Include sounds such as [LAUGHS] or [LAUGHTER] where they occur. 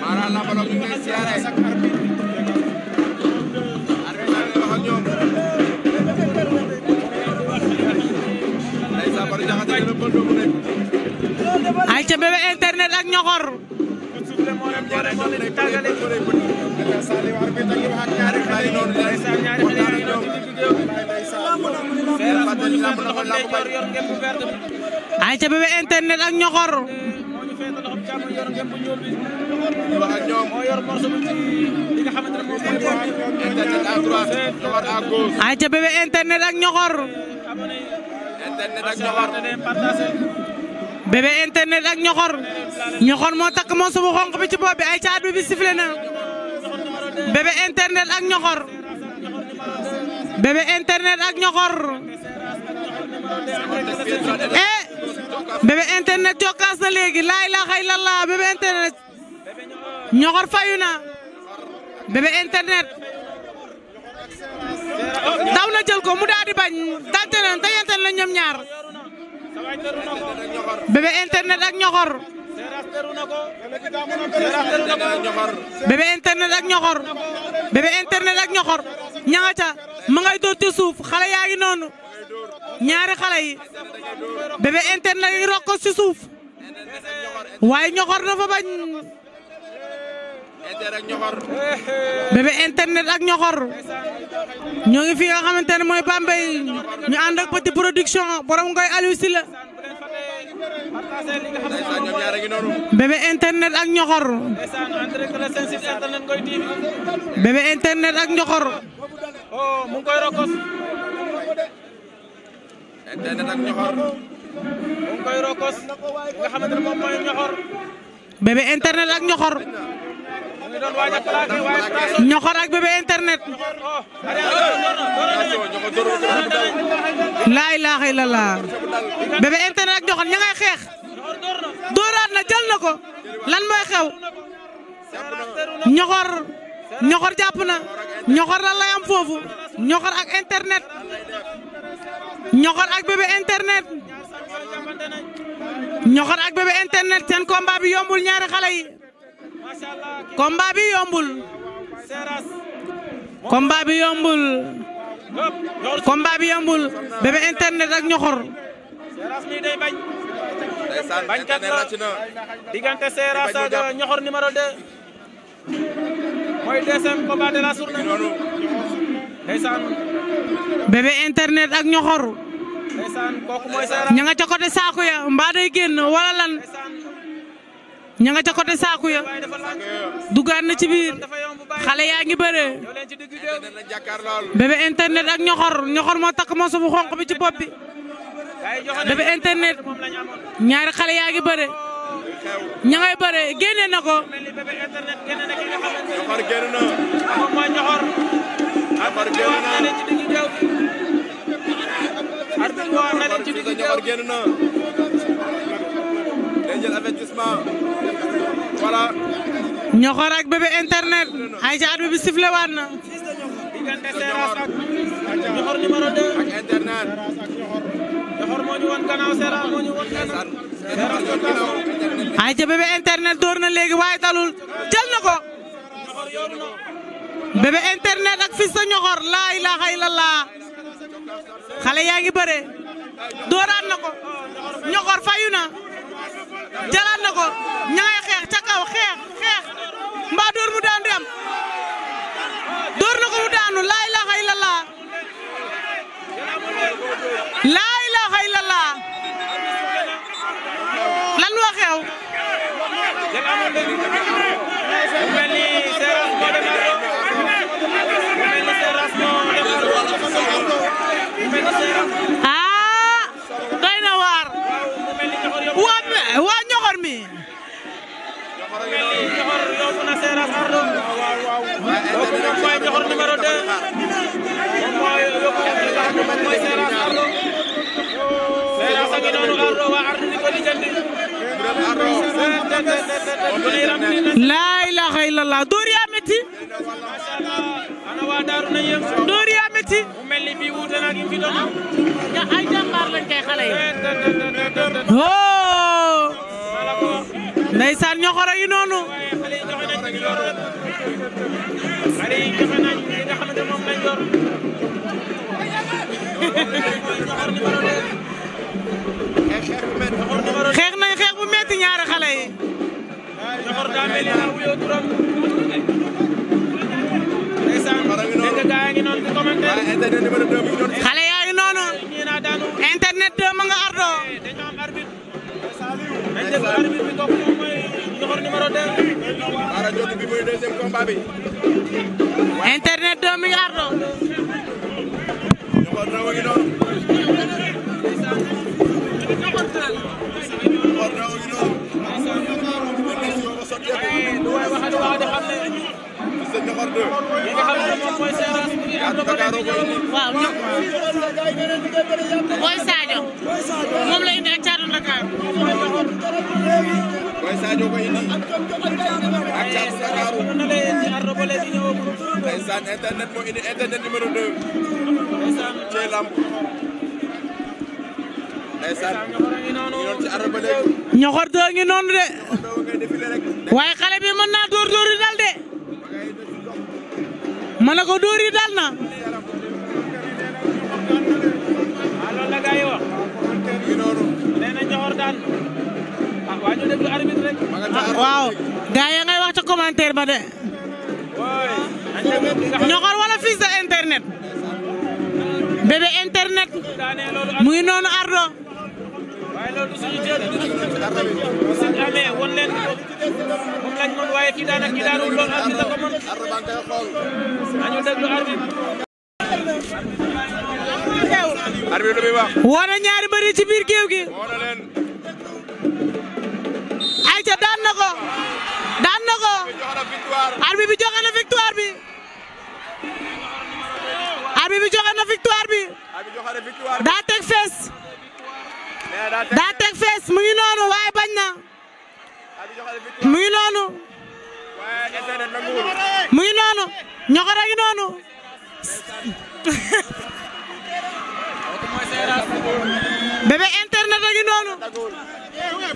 maanaam la ay ca bébé internet ak ñoxor ay ca bébé internet ak ñoxor ay internet ak ñoxor internet ak ñoxor ñoxor moo takk moo subu xonq bi ci bopp bi ay ca at bi sifflé na bébé internet ak ñoxor bébé internet ak ñoxor eh bébé internet cokkaas na léegi laa ilaaha illallah bébé internet ñoxor fayu na bébé internet daw na jël ko mu daal di bañ dante na dajante na ñoom ñaar bébé internet ak ñoxor bébé internet ak ñoxor bébé internet ak ñoxor ñanga ca ma ngay dóor suuf xale yaa ngi noonu ñaari xale yi bébé interne yi rokko ci suuf waaye ñoxor na fa bañ bébé internet ak ñoxor ñoo ngi fi nga xamante ne mooy Bambey ñu ànd ak petit production borom ngoy Aliou Sylla bébé internet ak ñoxor bébé internet ak ñoxor oh mu ngi koy rokos. internet ak ñoxor. ñoxor. ak ñoxor. internet. laa ilaaha illallah. bébé internet ak ñoxor ña ngay xeex. dooraat na jël na ko. lan mooy xew. ñoxor. ñoxor jàpp na ñoxor lan lay am foofu ñoxor ak internet ñoxor ak bébé internet ñoxor ak bébé internet seen combat bi yombul ñaari xale yi combat bi yombul combat bi yombul combat internet ak ñoxor mooy deuxième combat de la journée. ndeysaan. bébé internet ak ñoxoru ndeysaan kooku mooy seera. nga ca côté saaku ya mbaa day génn wala lan. ña nga ca côté saaku ya. dugaat ci biir. xale yaa ngi bëree. bébé internet ak ñoxor ñoxor moo takk moo suufu xonq bi ci bopp bi. internet ñaari xale yaa ngi bëree. ña ngay bëre génne ñoxor ak bébé internet. ay ca at bi sifle waat na. ayca bébé internet door léegi waaye dalul jël na ko bébé internet ak fils ñoxor laa ilaha illallah xale yaa ngi bëre dooraat na ko ñoxor fayu na jëlaat na ko ña ngay xeex ca kaw xeex xeex mbaa door ah doy na waar waa waa ñoxor mi Ardo waa Ardo ni ko lijjanti laa ilaaha illallah dóor yaa métti. dóor yaa métti. nga ay jàmbaar lañ oh! noonu. xeex nañ xeex bu metti ñaari xale yi. Senghor daa mel ni laa wuyoo turam. ndeysaan dégg gaa ngi noonu di commentaire. xale yaa ngi noonu. internet deux ma nga ardo. dañoo am arbitre. dañ def arbitre bi kooku moom mooy Njoxor numéro deux. rajo bi mooy deuxième combat bi. internet deux mi nga ardo. Njoxor dina ma ngi noonu. waaye lu waay waxati waxati xam ne. sa Ndiakhar 2. li nga xam ne moom mooy séerase bi am na bële bi ñëw. waaw ñëw. Boy Sadio. moom la indi ak caatu Dakar. Boy Sadio ko indi. ak caatu Dakar. ndeysaan internet moo indi internet numéro 2. ndeysaan cee lamb. ñoxor doo ngi dóor dóor de mën ko dóor yi dal na waaw gaa ngay wax ca commentaire ba de ñoxor wala fils de internet bébé internet mu ngi noonu ardo won leen ñaari bëri ci biir géew gi woona leen daan na daan na ko bi joxe victoire bi arbitre bi joxe victoire bi daa teg daa teg mu ngi noonu waaye bañ na mu ngi noonu mu ngi noonu ñoxor a ngi noonu [LAUGHS] bébé internet a ngi